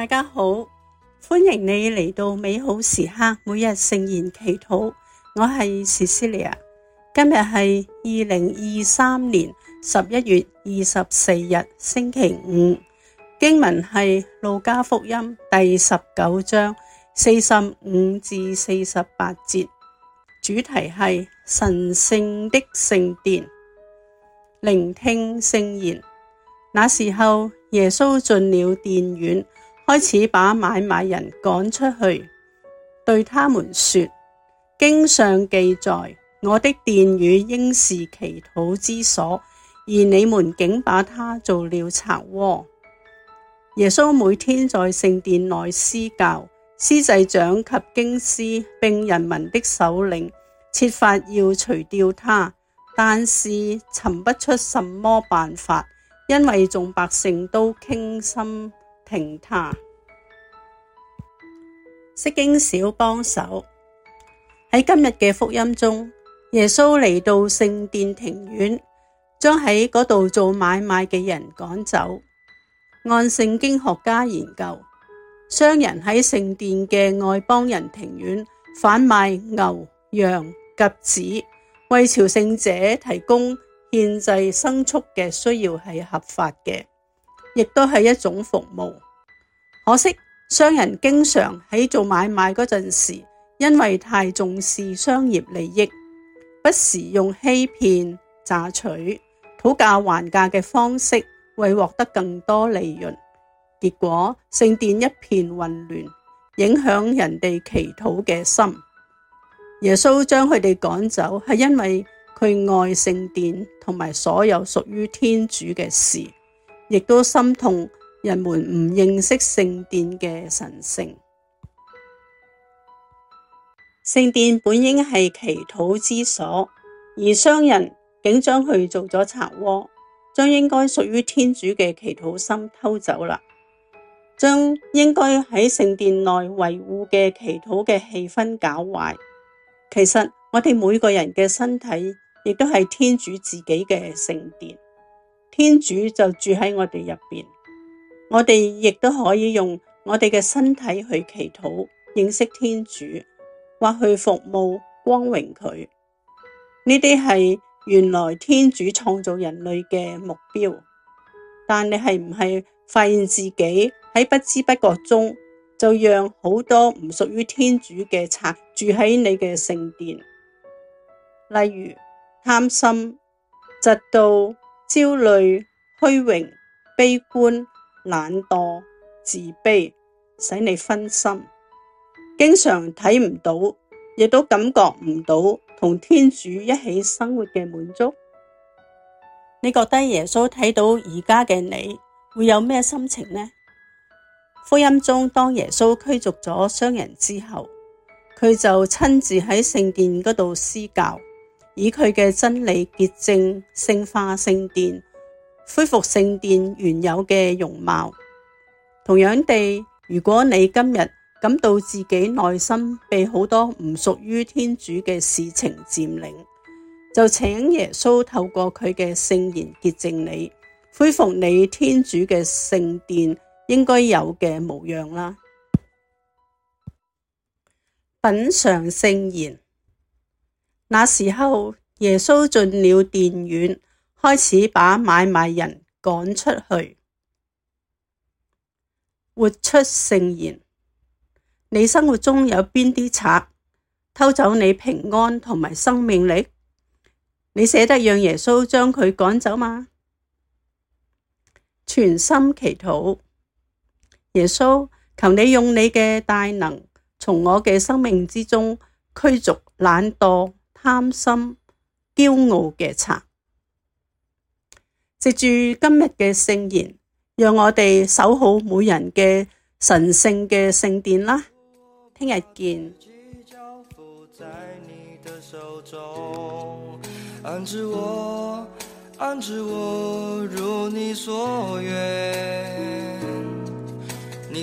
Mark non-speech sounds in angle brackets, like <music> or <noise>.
大家好，歡迎你嚟到美好時刻每日聖言祈禱。我係 Cecilia，、e、今日係二零二三年十一月二十四日星期五。經文係路加福音第十九章四十五至四十八節，主題係神聖的聖殿。聆聽聖言，那時候耶穌進了殿院。開始把買賣人趕出去，對他們說：經上記載，我的殿宇應是祈禱之所，而你們竟把它做了賊窩。耶穌每天在聖殿內施教，司祭長及經師並人民的首領設法要除掉他，但是尋不出什麼辦法，因為眾百姓都傾心。平他。釋經小幫手。喺今日嘅福音中，耶穌嚟到聖殿庭院，將喺嗰度做買賣嘅人趕走。按聖經學家研究，商人喺聖殿嘅外邦人庭院販賣牛、羊、鴿子，為朝聖者提供獻祭牲畜嘅需要係合法嘅。亦都係一種服務，可惜商人經常喺做買賣嗰陣時，因為太重視商業利益，不時用欺騙、詐取、討價還價嘅方式為獲得更多利潤，結果聖殿一片混亂，影響人哋祈禱嘅心。耶穌將佢哋趕走，係因為佢愛聖殿同埋所有屬於天主嘅事。亦都心痛人們唔認識聖殿嘅神聖。聖殿本應係祈禱之所，而商人竟將佢做咗賊窩，將應該屬於天主嘅祈禱心偷走啦，將應該喺聖殿內維護嘅祈禱嘅氣氛搞壞。其實我哋每個人嘅身體亦都係天主自己嘅聖殿。天主就住喺我哋入邊，我哋亦都可以用我哋嘅身體去祈禱、認識天主，或去服務光榮佢。呢啲係原來天主創造人類嘅目標。但你係唔係發現自己喺不知不覺中就讓好多唔屬於天主嘅賊住喺你嘅聖殿？例如貪心、嫉妒。焦慮、虛榮、悲觀、懶惰、自卑，使你分心，經常睇唔到，亦都感覺唔到同天主一起生活嘅滿足。你覺得耶穌睇到而家嘅你，會有咩心情呢？福音中，當耶穌驅逐咗商人之後，佢就親自喺聖殿嗰度施教。以佢嘅真理潔淨聖化聖殿，恢復聖殿原有嘅容貌。同樣地，如果你今日感到自己內心被好多唔屬於天主嘅事情佔領，就請耶穌透過佢嘅聖言潔淨你，恢復你天主嘅聖殿應該有嘅模樣啦。品嘗聖言。那時候，耶穌進了殿院，開始把買賣人趕出去。活出聖言。你生活中有邊啲賊偷走你平安同埋生命力？你捨得讓耶穌將佢趕走嗎？全心祈禱，耶穌，求你用你嘅大能，從我嘅生命之中驅逐懶惰。貪心、驕傲嘅賊，藉住今日嘅聖言，讓我哋守好每人嘅神聖嘅聖殿啦！聽日見。 <noise> <noise> <noise>